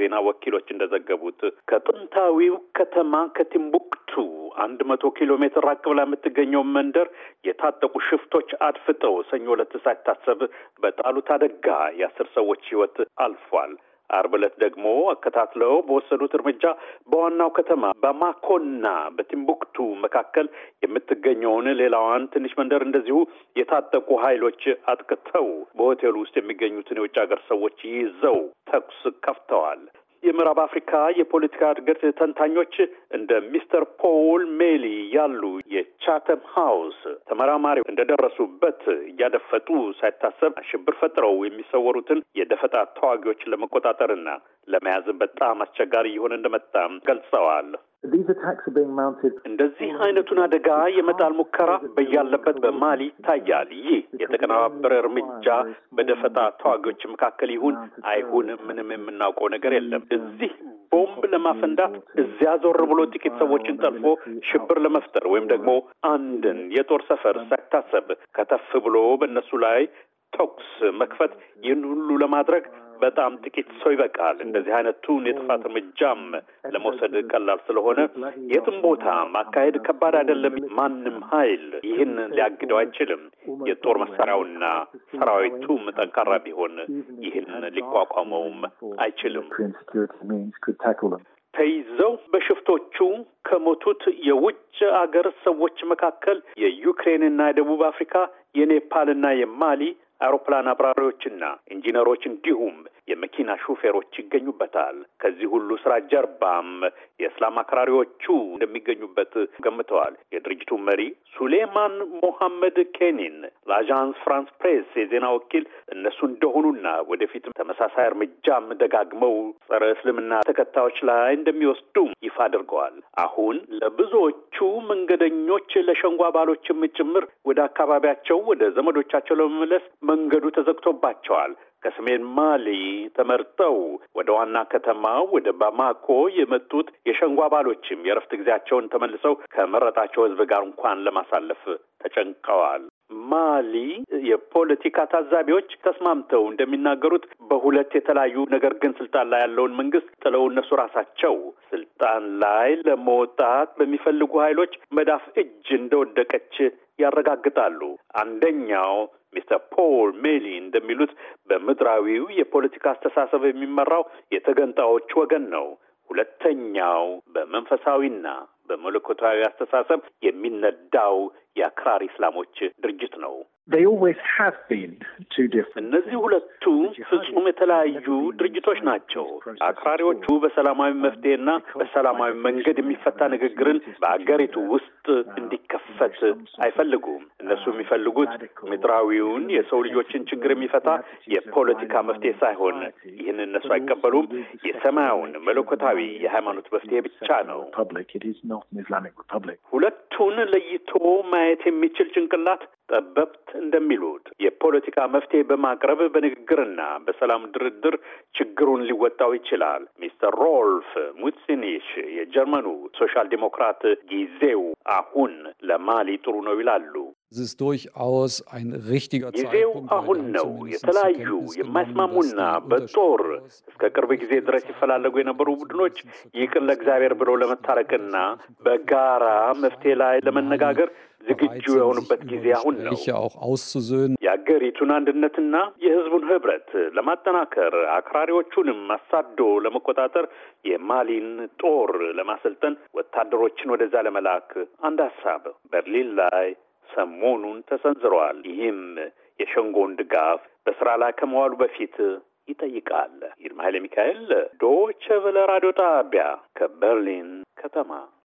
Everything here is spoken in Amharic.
ዜና ወኪሎች እንደዘገቡት ከጥንታዊው ከተማ ከቲምቡክቱ አንድ መቶ ኪሎ ሜትር ራቅ ብላ የምትገኘው መንደር የታጠቁ ሽፍቶች አድፍጠው ሰኞ ዕለት ሳይታሰብ በጣሉት አደጋ የአስር ሰዎች ሕይወት አልፏል። አርብ ዕለት ደግሞ አከታትለው በወሰዱት እርምጃ በዋናው ከተማ በማኮና በቲምቡክቱ መካከል የምትገኘውን ሌላዋን ትንሽ መንደር እንደዚሁ የታጠቁ ኃይሎች አጥቅተው በሆቴሉ ውስጥ የሚገኙትን የውጭ ሀገር ሰዎች ይዘው ተኩስ ከፍተዋል። የምዕራብ አፍሪካ የፖለቲካ እድገት ተንታኞች እንደ ሚስተር ፖል ሜሊ ያሉ የቻተም ሀውስ ተመራማሪ እንደደረሱበት እያደፈጡ ሳይታሰብ ሽብር ፈጥረው የሚሰወሩትን የደፈጣ ተዋጊዎች ለመቆጣጠርና ለመያዝ በጣም አስቸጋሪ እየሆነ እንደመጣም ገልጸዋል። እንደዚህ አይነቱን አደጋ የመጣል ሙከራ በያለበት በማሊ ይታያል። ይህ የተቀነባበረ እርምጃ በደፈጣ ተዋጊዎች መካከል ይሁን አይሁን ምንም የምናውቀው ነገር የለም። እዚህ ቦምብ ለማፈንዳት እዚያ ዞር ብሎ ጥቂት ሰዎችን ጠልፎ ሽብር ለመፍጠር ወይም ደግሞ አንድን የጦር ሰፈር ሳይታሰብ ከተፍ ብሎ በእነሱ ላይ ተኩስ መክፈት ይህን ሁሉ ለማድረግ በጣም ጥቂት ሰው ይበቃል። እንደዚህ አይነቱን የጥፋት እርምጃም ለመውሰድ ቀላል ስለሆነ የትም ቦታ ማካሄድ ከባድ አይደለም። ማንም ኃይል ይህን ሊያግደው አይችልም። የጦር መሳሪያውና ሰራዊቱም ጠንካራ ቢሆን ይህን ሊቋቋመውም አይችልም። ተይዘው በሽፍቶቹ ከሞቱት የውጭ አገር ሰዎች መካከል የዩክሬንና የደቡብ አፍሪካ የኔፓልና የማሊ አውሮፕላን አብራሪዎችና ኢንጂነሮች እንዲሁም የመኪና ሹፌሮች ይገኙበታል። ከዚህ ሁሉ ስራ ጀርባም የእስላም አክራሪዎቹ እንደሚገኙበት ገምተዋል። የድርጅቱ መሪ ሱሌማን ሞሐመድ ኬኒን ለአዣንስ ፍራንስ ፕሬስ የዜና ወኪል እነሱ እንደሆኑና ወደፊት ተመሳሳይ እርምጃም ደጋግመው ጸረ እስልምና ተከታዮች ላይ እንደሚወስዱ ይፋ አድርገዋል። አሁን ለብዙዎቹ መንገደኞች ለሸንጎ አባሎችም ጭምር ወደ አካባቢያቸው ወደ ዘመዶቻቸው ለመመለስ መንገዱ ተዘግቶባቸዋል። ከሰሜን ማሊ ተመርጠው ወደ ዋና ከተማ ወደ ባማኮ የመጡት የሸንጎ አባሎችም የእረፍት ጊዜያቸውን ተመልሰው ከመረጣቸው ህዝብ ጋር እንኳን ለማሳለፍ ተጨንቀዋል። ማሊ የፖለቲካ ታዛቢዎች ተስማምተው እንደሚናገሩት በሁለት የተለያዩ ነገር ግን ስልጣን ላይ ያለውን መንግስት ጥለው እነሱ ራሳቸው ስልጣን ላይ ለመውጣት በሚፈልጉ ኃይሎች መዳፍ እጅ እንደወደቀች ያረጋግጣሉ። አንደኛው ሚስተር ፖል ሜሊ እንደሚሉት በምድራዊው የፖለቲካ አስተሳሰብ የሚመራው የተገንጣዮች ወገን ነው። ሁለተኛው በመንፈሳዊና በመለኮታዊ አስተሳሰብ የሚነዳው የአክራሪ እስላሞች ድርጅት ነው። እነዚህ ሁለቱ ፍጹም የተለያዩ ድርጅቶች ናቸው። አክራሪዎቹ በሰላማዊ መፍትሄና በሰላማዊ መንገድ የሚፈታ ንግግርን በአገሪቱ ውስጥ እንዲከፈት አይፈልጉም። እነሱ የሚፈልጉት ምድራዊውን የሰው ልጆችን ችግር የሚፈታ የፖለቲካ መፍትሄ ሳይሆን ይህን እነሱ አይቀበሉም፣ የሰማያውን መለኮታዊ የሃይማኖት መፍትሄ ብቻ ነው። ሁለቱን ለይቶ ማየት የሚችል ጭንቅላት ጠበብት እንደሚሉት የፖለቲካ መፍትሄ በማቅረብ በንግግርና በሰላም ድርድር ችግሩን ሊወጣው ይችላል። ሚስተር ሮልፍ ሙትሲኒሽ የጀርመኑ ሶሻል ዲሞክራት ጊዜው አሁን ለማሊ ጥሩ ነው ይላሉ። ጊዜው አሁን ነው። የተለያዩ የማይስማሙና በጦር እስከ ቅርብ ጊዜ ድረስ ይፈላለጉ የነበሩ ቡድኖች ይቅር ለእግዚአብሔር ብለው ለመታረቅና በጋራ መፍትሄ ላይ ለመነጋገር ዝግጁ የሆኑበት ጊዜ አሁን ነው። የአገሪቱን አንድነትና የሕዝቡን ህብረት ለማጠናከር አክራሪዎቹንም አሳዶ ለመቆጣጠር የማሊን ጦር ለማሰልጠን ወታደሮችን ወደዛ ለመላክ አንድ ሀሳብ በርሊን ላይ ሰሞኑን ተሰንዝረዋል። ይህም የሸንጎን ድጋፍ በስራ ላይ ከመዋሉ በፊት ይጠይቃል። ይልማ ኃይለ ሚካኤል ዶቼ ቬለ ራዲዮ ጣቢያ ከበርሊን ከተማ